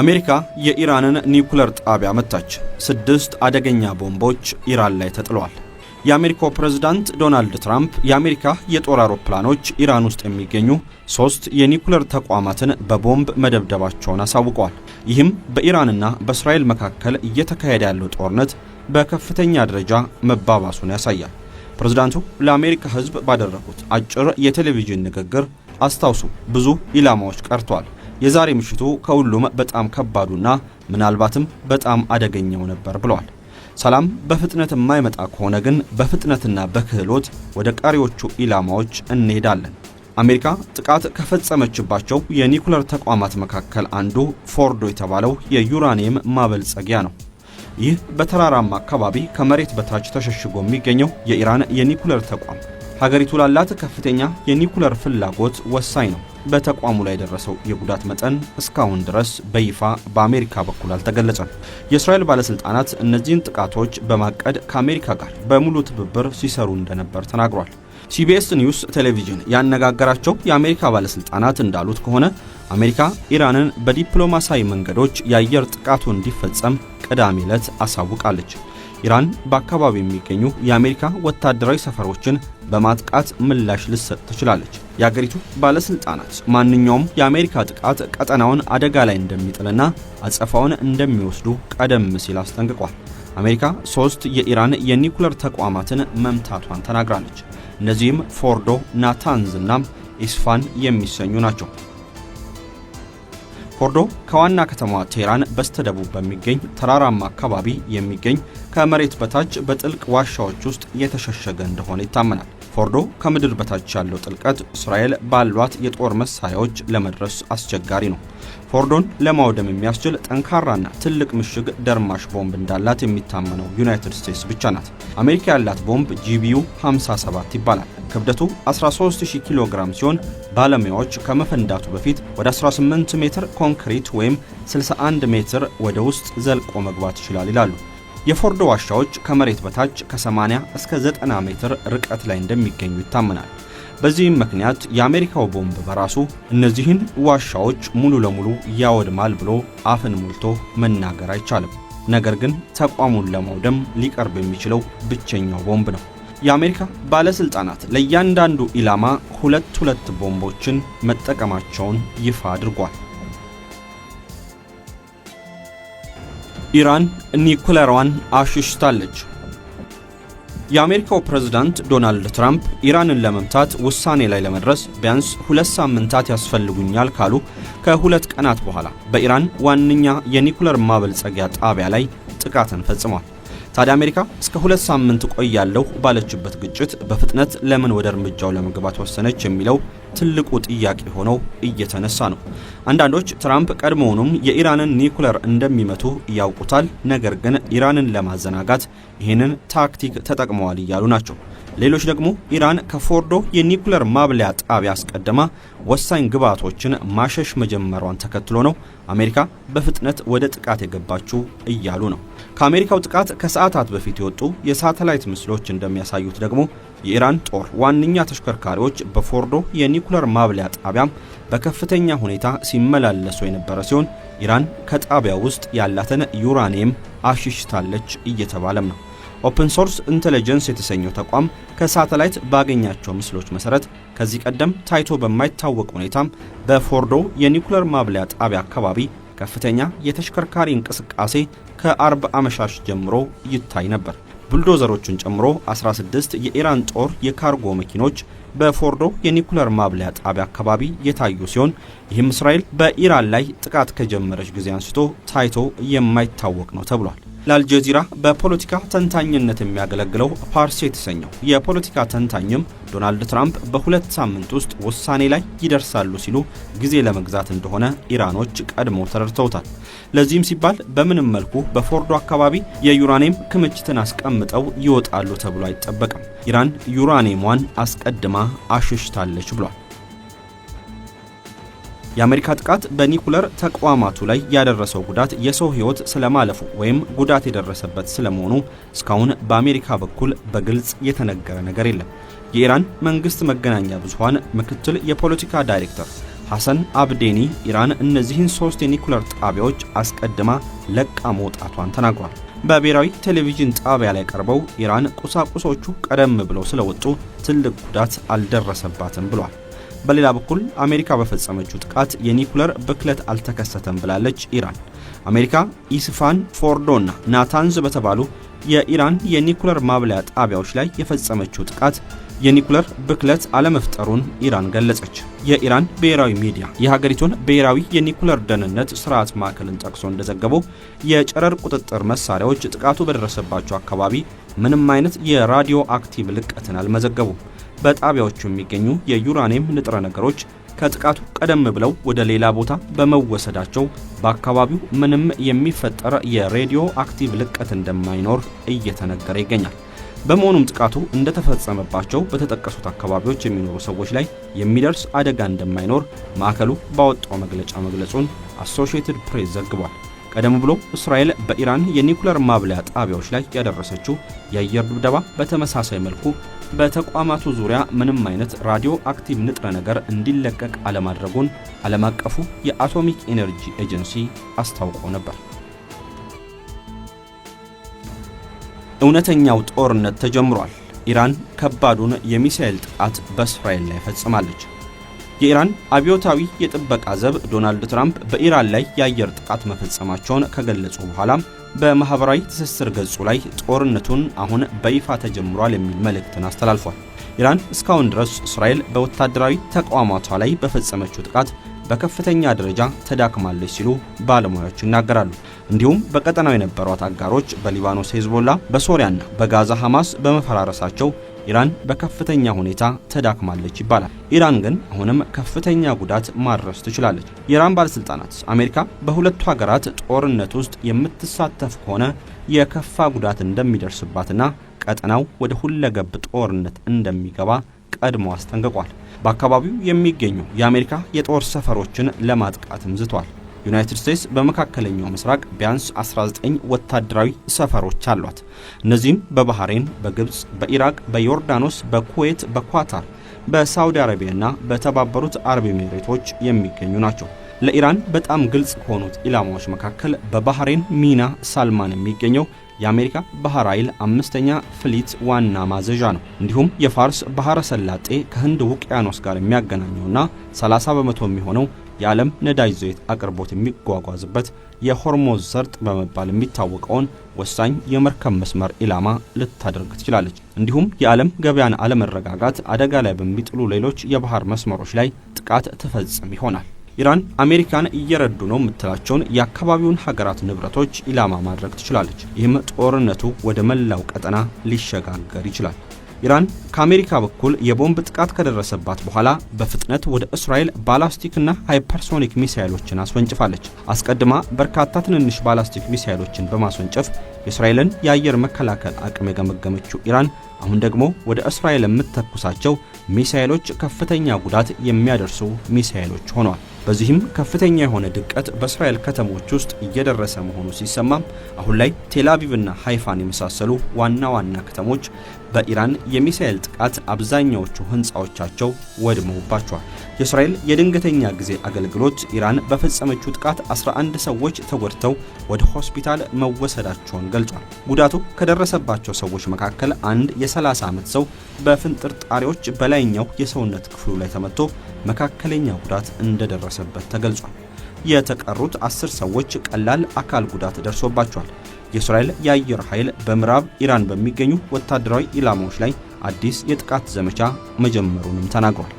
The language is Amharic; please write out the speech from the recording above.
አሜሪካ የኢራንን ኒውክለር ጣቢያ መታች። ስድስት አደገኛ ቦምቦች ኢራን ላይ ተጥለዋል። የአሜሪካው ፕሬዝዳንት ዶናልድ ትራምፕ የአሜሪካ የጦር አውሮፕላኖች ኢራን ውስጥ የሚገኙ ሶስት የኒውክለር ተቋማትን በቦምብ መደብደባቸውን አሳውቀዋል። ይህም በኢራንና በእስራኤል መካከል እየተካሄደ ያለው ጦርነት በከፍተኛ ደረጃ መባባሱን ያሳያል። ፕሬዝዳንቱ ለአሜሪካ ሕዝብ ባደረጉት አጭር የቴሌቪዥን ንግግር አስታውሱ፣ ብዙ ኢላማዎች ቀርተዋል የዛሬ ምሽቱ ከሁሉም በጣም ከባዱና ምናልባትም በጣም አደገኛው ነበር ብለዋል። ሰላም በፍጥነት የማይመጣ ከሆነ ግን በፍጥነትና በክህሎት ወደ ቀሪዎቹ ኢላማዎች እንሄዳለን። አሜሪካ ጥቃት ከፈጸመችባቸው የኒኩለር ተቋማት መካከል አንዱ ፎርዶ የተባለው የዩራኒየም ማበልጸጊያ ነው። ይህ በተራራማ አካባቢ ከመሬት በታች ተሸሽጎ የሚገኘው የኢራን የኒኩለር ተቋም ሀገሪቱ ላላት ከፍተኛ የኒኩለር ፍላጎት ወሳኝ ነው። በተቋሙ ላይ የደረሰው የጉዳት መጠን እስካሁን ድረስ በይፋ በአሜሪካ በኩል አልተገለጸም። የእስራኤል ባለሥልጣናት እነዚህን ጥቃቶች በማቀድ ከአሜሪካ ጋር በሙሉ ትብብር ሲሰሩ እንደነበር ተናግሯል። ሲቢኤስ ኒውስ ቴሌቪዥን ያነጋገራቸው የአሜሪካ ባለሥልጣናት እንዳሉት ከሆነ አሜሪካ ኢራንን በዲፕሎማሲያዊ መንገዶች የአየር ጥቃቱ እንዲፈጸም ቅዳሜ ዕለት አሳውቃለች። ኢራን በአካባቢው የሚገኙ የአሜሪካ ወታደራዊ ሰፈሮችን በማጥቃት ምላሽ ልሰጥ ትችላለች። የአገሪቱ ባለስልጣናት ማንኛውም የአሜሪካ ጥቃት ቀጠናውን አደጋ ላይ እንደሚጥልና አጸፋውን እንደሚወስዱ ቀደም ሲል አስጠንቅቋል። አሜሪካ ሶስት የኢራን የኒኩለር ተቋማትን መምታቷን ተናግራለች። እነዚህም ፎርዶ፣ ናታንዝ እና ኢስፋን የሚሰኙ ናቸው። ፎርዶ ከዋና ከተማዋ ቴህራን በስተደቡብ በሚገኝ ተራራማ አካባቢ የሚገኝ ከመሬት በታች በጥልቅ ዋሻዎች ውስጥ የተሸሸገ እንደሆነ ይታመናል። ፎርዶ ከምድር በታች ያለው ጥልቀት እስራኤል ባሏት የጦር መሳሪያዎች ለመድረስ አስቸጋሪ ነው። ፎርዶን ለማውደም የሚያስችል ጠንካራና ትልቅ ምሽግ ደርማሽ ቦምብ እንዳላት የሚታመነው ዩናይትድ ስቴትስ ብቻ ናት። አሜሪካ ያላት ቦምብ ጂቢዩ 57 ይባላል። ክብደቱ 13000 ኪሎ ግራም ሲሆን ባለሙያዎች ከመፈንዳቱ በፊት ወደ 18 ሜትር ኮንክሪት ወይም 61 ሜትር ወደ ውስጥ ዘልቆ መግባት ይችላል ይላሉ። የፎርዶ ዋሻዎች ከመሬት በታች ከ80 እስከ 90 ሜትር ርቀት ላይ እንደሚገኙ ይታመናል። በዚህም ምክንያት የአሜሪካው ቦምብ በራሱ እነዚህን ዋሻዎች ሙሉ ለሙሉ ያወድማል ብሎ አፍን ሞልቶ መናገር አይቻልም። ነገር ግን ተቋሙን ለማውደም ሊቀርብ የሚችለው ብቸኛው ቦምብ ነው። የአሜሪካ ባለሥልጣናት ለእያንዳንዱ ኢላማ ሁለት ሁለት ቦምቦችን መጠቀማቸውን ይፋ አድርጓል። ኢራን ኒኩለሯን አሽሽታለች። የአሜሪካው ፕሬዝዳንት ዶናልድ ትራምፕ ኢራንን ለመምታት ውሳኔ ላይ ለመድረስ ቢያንስ ሁለት ሳምንታት ያስፈልጉኛል ካሉ ከሁለት ቀናት በኋላ በኢራን ዋነኛ የኒኩለር ማበልጸጊያ ጣቢያ ላይ ጥቃትን ፈጽሟል። ታዲያ አሜሪካ እስከ ሁለት ሳምንት ቆያለሁ ባለችበት ግጭት በፍጥነት ለምን ወደ እርምጃው ለመግባት ወሰነች የሚለው ትልቁ ጥያቄ ሆኖ እየተነሳ ነው። አንዳንዶች ትራምፕ ቀድሞውኑም የኢራንን ኒኩለር እንደሚመቱ ያውቁታል፣ ነገር ግን ኢራንን ለማዘናጋት ይህንን ታክቲክ ተጠቅመዋል እያሉ ናቸው። ሌሎች ደግሞ ኢራን ከፎርዶ የኒውክለር ማብለያ ጣቢያ አስቀድማ ወሳኝ ግብዓቶችን ማሸሽ መጀመሯን ተከትሎ ነው አሜሪካ በፍጥነት ወደ ጥቃት የገባችው እያሉ ነው። ከአሜሪካው ጥቃት ከሰዓታት በፊት የወጡ የሳተላይት ምስሎች እንደሚያሳዩት ደግሞ የኢራን ጦር ዋነኛ ተሽከርካሪዎች በፎርዶ የኒውክለር ማብለያ ጣቢያም በከፍተኛ ሁኔታ ሲመላለሱ የነበረ ሲሆን ኢራን ከጣቢያው ውስጥ ያላትን ዩራኒየም አሽሽታለች እየተባለም ነው። ኦፕን ሶርስ ኢንቴሊጀንስ የተሰኘው ተቋም ከሳተላይት ባገኛቸው ምስሎች መሰረት ከዚህ ቀደም ታይቶ በማይታወቅ ሁኔታ በፎርዶ የኒውክለር ማብለያ ጣቢያ አካባቢ ከፍተኛ የተሽከርካሪ እንቅስቃሴ ከአርብ አመሻሽ ጀምሮ ይታይ ነበር። ቡልዶዘሮቹን ጨምሮ 16 የኢራን ጦር የካርጎ መኪኖች በፎርዶ የኒኩለር ማብለያ ጣቢያ አካባቢ የታዩ ሲሆን ይህም እስራኤል በኢራን ላይ ጥቃት ከጀመረች ጊዜ አንስቶ ታይቶ የማይታወቅ ነው ተብሏል። ለአልጀዚራ በፖለቲካ ተንታኝነት የሚያገለግለው ፓርሲ የተሰኘው የፖለቲካ ተንታኝም ዶናልድ ትራምፕ በሁለት ሳምንት ውስጥ ውሳኔ ላይ ይደርሳሉ ሲሉ ጊዜ ለመግዛት እንደሆነ ኢራኖች ቀድሞ ተረድተውታል። ለዚህም ሲባል በምንም መልኩ በፎርዶ አካባቢ የዩራኒየም ክምችትን አስቀምጠው ይወጣሉ ተብሎ አይጠበቅም። ኢራን ዩራኒየሟን አስቀድማ አሸሽታለች ብሏል። የአሜሪካ ጥቃት በኒኩለር ተቋማቱ ላይ ያደረሰው ጉዳት የሰው ሕይወት ስለማለፉ ወይም ጉዳት የደረሰበት ስለመሆኑ እስካሁን በአሜሪካ በኩል በግልጽ የተነገረ ነገር የለም። የኢራን መንግስት መገናኛ ብዙኃን ምክትል የፖለቲካ ዳይሬክተር ሐሰን አብዴኒ ኢራን እነዚህን ሶስት የኒኩለር ጣቢያዎች አስቀድማ ለቃ መውጣቷን ተናግሯል። በብሔራዊ ቴሌቪዥን ጣቢያ ላይ ቀርበው ኢራን ቁሳቁሶቹ ቀደም ብለው ስለወጡ ትልቅ ጉዳት አልደረሰባትም ብሏል። በሌላ በኩል አሜሪካ በፈጸመችው ጥቃት የኒኩለር ብክለት አልተከሰተም ብላለች ኢራን። አሜሪካ ኢስፋን፣ ፎርዶ ናታንዝ በተባሉ የኢራን የኒኩለር ማብለያ ጣቢያዎች ላይ የፈጸመችው ጥቃት የኒኩለር ብክለት አለመፍጠሩን ኢራን ገለጸች። የኢራን ብሔራዊ ሚዲያ የሀገሪቱን ብሔራዊ የኒኩለር ደህንነት ስርዓት ማዕከልን ጠቅሶ እንደዘገበው የጨረር ቁጥጥር መሳሪያዎች ጥቃቱ በደረሰባቸው አካባቢ ምንም አይነት የራዲዮ አክቲቭ ልቀትን አልመዘገቡም። በጣቢያዎቹ የሚገኙ የዩራኒየም ንጥረ ነገሮች ከጥቃቱ ቀደም ብለው ወደ ሌላ ቦታ በመወሰዳቸው በአካባቢው ምንም የሚፈጠር የሬዲዮ አክቲቭ ልቀት እንደማይኖር እየተነገረ ይገኛል። በመሆኑም ጥቃቱ እንደተፈጸመባቸው በተጠቀሱት አካባቢዎች የሚኖሩ ሰዎች ላይ የሚደርስ አደጋ እንደማይኖር ማዕከሉ ባወጣው መግለጫ መግለጹን አሶሺየትድ ፕሬስ ዘግቧል። ቀደም ብሎ እስራኤል በኢራን የኒኩለር ማብለያ ጣቢያዎች ላይ ያደረሰችው የአየር ድብደባ በተመሳሳይ መልኩ በተቋማቱ ዙሪያ ምንም አይነት ራዲዮ አክቲቭ ንጥረ ነገር እንዲለቀቅ አለማድረጉን ዓለም አቀፉ የአቶሚክ ኤነርጂ ኤጀንሲ አስታውቆ ነበር። እውነተኛው ጦርነት ተጀምሯል። ኢራን ከባዱን የሚሳኤል ጥቃት በእስራኤል ላይ ፈጽማለች። የኢራን አብዮታዊ የጥበቃ ዘብ ዶናልድ ትራምፕ በኢራን ላይ የአየር ጥቃት መፈጸማቸውን ከገለጹ በኋላም በማህበራዊ ትስስር ገጹ ላይ ጦርነቱን አሁን በይፋ ተጀምሯል የሚል መልእክትን አስተላልፏል። ኢራን እስካሁን ድረስ እስራኤል በወታደራዊ ተቋማቷ ላይ በፈጸመችው ጥቃት በከፍተኛ ደረጃ ተዳክማለች ሲሉ ባለሙያዎች ይናገራሉ። እንዲሁም በቀጠናው የነበሯት አጋሮች በሊባኖስ ሄዝቦላ፣ በሶሪያና በጋዛ ሐማስ በመፈራረሳቸው ኢራን በከፍተኛ ሁኔታ ተዳክማለች ይባላል። ኢራን ግን አሁንም ከፍተኛ ጉዳት ማድረስ ትችላለች። የኢራን ባለስልጣናት አሜሪካ በሁለቱ ሀገራት ጦርነት ውስጥ የምትሳተፍ ከሆነ የከፋ ጉዳት እንደሚደርስባትና ቀጠናው ወደ ሁለገብ ጦርነት እንደሚገባ ቀድሞ አስጠንቅቋል። በአካባቢው የሚገኙ የአሜሪካ የጦር ሰፈሮችን ለማጥቃትም ዝቷል። ዩናይትድ ስቴትስ በመካከለኛው ምስራቅ ቢያንስ 19 ወታደራዊ ሰፈሮች አሏት። እነዚህም በባህሬን፣ በግብፅ፣ በኢራቅ፣ በዮርዳኖስ፣ በኩዌት፣ በኳታር፣ በሳውዲ አረቢያና በተባበሩት አረብ ኤሚሬቶች የሚገኙ ናቸው። ለኢራን በጣም ግልጽ ከሆኑት ኢላማዎች መካከል በባህሬን ሚና ሳልማን የሚገኘው የአሜሪካ ባህር ኃይል አምስተኛ ፍሊት ዋና ማዘዣ ነው። እንዲሁም የፋርስ ባህረ ሰላጤ ከህንድ ውቅያኖስ ጋር የሚያገናኘውና 30 በመቶ የሚሆነው የዓለም ነዳጅ ዘይት አቅርቦት የሚጓጓዝበት የሆርሞዝ ሰርጥ በመባል የሚታወቀውን ወሳኝ የመርከብ መስመር ኢላማ ልታደርግ ትችላለች። እንዲሁም የዓለም ገበያን አለመረጋጋት አደጋ ላይ በሚጥሉ ሌሎች የባህር መስመሮች ላይ ጥቃት ትፈጽም ይሆናል። ኢራን አሜሪካን እየረዱ ነው የምትላቸውን የአካባቢውን ሀገራት ንብረቶች ኢላማ ማድረግ ትችላለች። ይህም ጦርነቱ ወደ መላው ቀጠና ሊሸጋገር ይችላል። ኢራን ከአሜሪካ በኩል የቦምብ ጥቃት ከደረሰባት በኋላ በፍጥነት ወደ እስራኤል ባላስቲክና ሃይፐርሶኒክ ሚሳይሎችን አስወንጭፋለች። አስቀድማ በርካታ ትንንሽ ባላስቲክ ሚሳይሎችን በማስወንጨፍ የእስራኤልን የአየር መከላከል አቅም የገመገመችው ኢራን አሁን ደግሞ ወደ እስራኤል የምትተኩሳቸው ሚሳይሎች ከፍተኛ ጉዳት የሚያደርሱ ሚሳይሎች ሆነዋል። በዚህም ከፍተኛ የሆነ ድቀት በእስራኤል ከተሞች ውስጥ እየደረሰ መሆኑ ሲሰማም አሁን ላይ ቴላቪቭና ሃይፋን የመሳሰሉ ዋና ዋና ከተሞች በኢራን የሚሳኤል ጥቃት አብዛኛዎቹ ህንፃዎቻቸው ወድመውባቸዋል። የእስራኤል የድንገተኛ ጊዜ አገልግሎት ኢራን በፈጸመችው ጥቃት 11 ሰዎች ተጎድተው ወደ ሆስፒታል መወሰዳቸውን ገልጿል። ጉዳቱ ከደረሰባቸው ሰዎች መካከል አንድ የ30 ዓመት ሰው በፍንጥርጣሪዎች በላይኛው የሰውነት ክፍሉ ላይ ተመቶ መካከለኛ ጉዳት እንደደረሰበት ተገልጿል። የተቀሩት አስር ሰዎች ቀላል አካል ጉዳት ደርሶባቸዋል። የእስራኤል የአየር ኃይል በምዕራብ ኢራን በሚገኙ ወታደራዊ ኢላማዎች ላይ አዲስ የጥቃት ዘመቻ መጀመሩንም ተናግሯል።